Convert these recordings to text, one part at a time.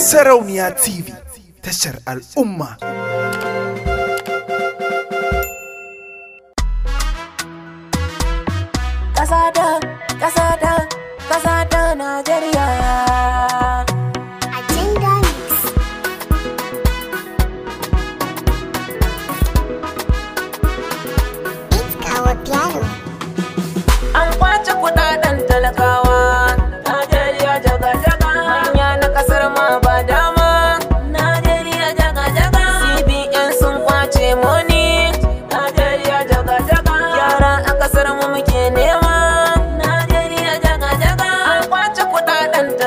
Sarauniya TV tashar al'umma. Ƙasa da, ƙasa da, ƙasa Najeriya. An kwace kudaden talakawa.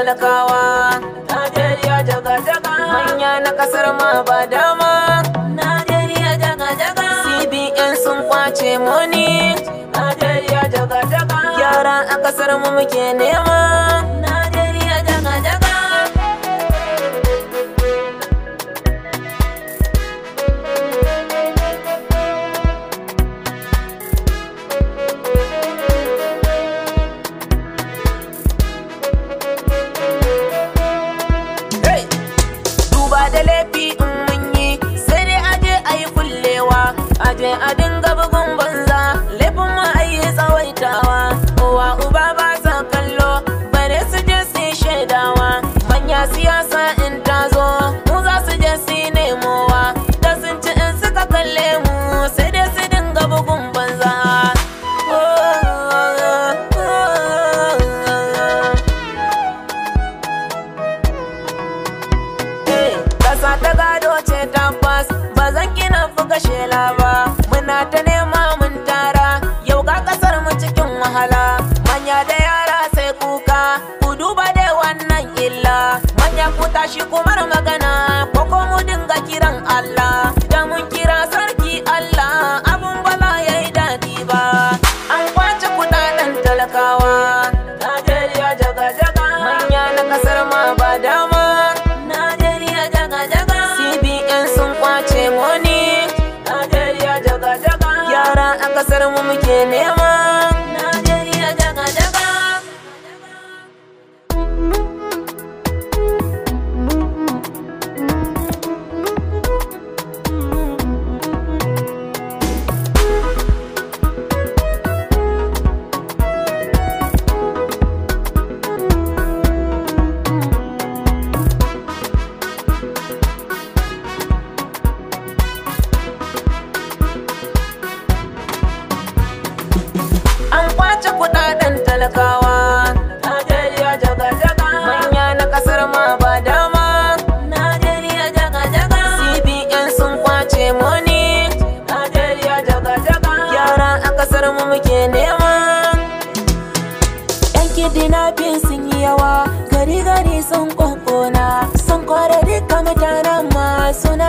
talakawa Najeriya jaga jaga manya na kasar ma ba dama Najeriya jaga jaga CBN sun kwace muni Najeriya jaga jaga yara a kasar mu muke nema Adelebi. Mm. ta doce tabbas ba zan kina fuka shela ba muna ta nema mun tara yau ga kasar mu cikin wahala manya da yara sai kuka ku duba da wannan illa manya ku tashi kumar magana ko ko mu dinga kiran Allah da mun don't want me sace kudaden talakawa Najeriya jaga jaga manya na kasar ma ba dama Najeriya jaga jaga CBN sun kwace moni Najeriya jaga jaga yara a kasar mu muke nema Yan kidnapping sun yi yawa gari gari sun kokona sun kware duka mutanen ma suna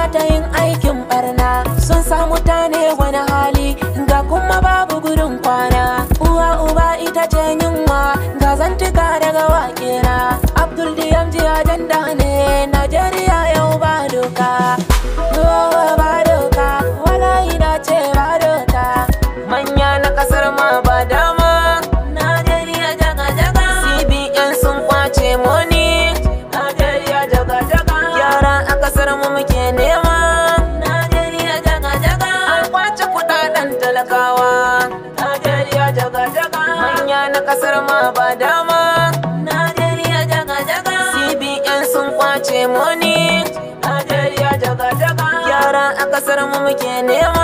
talakawa Najeriya jaga jaga manya na kasar ma ba dama Najeriya jaga jaga CBN sun kwace moni Najeriya jaga jaga yara a kasar mu muke nema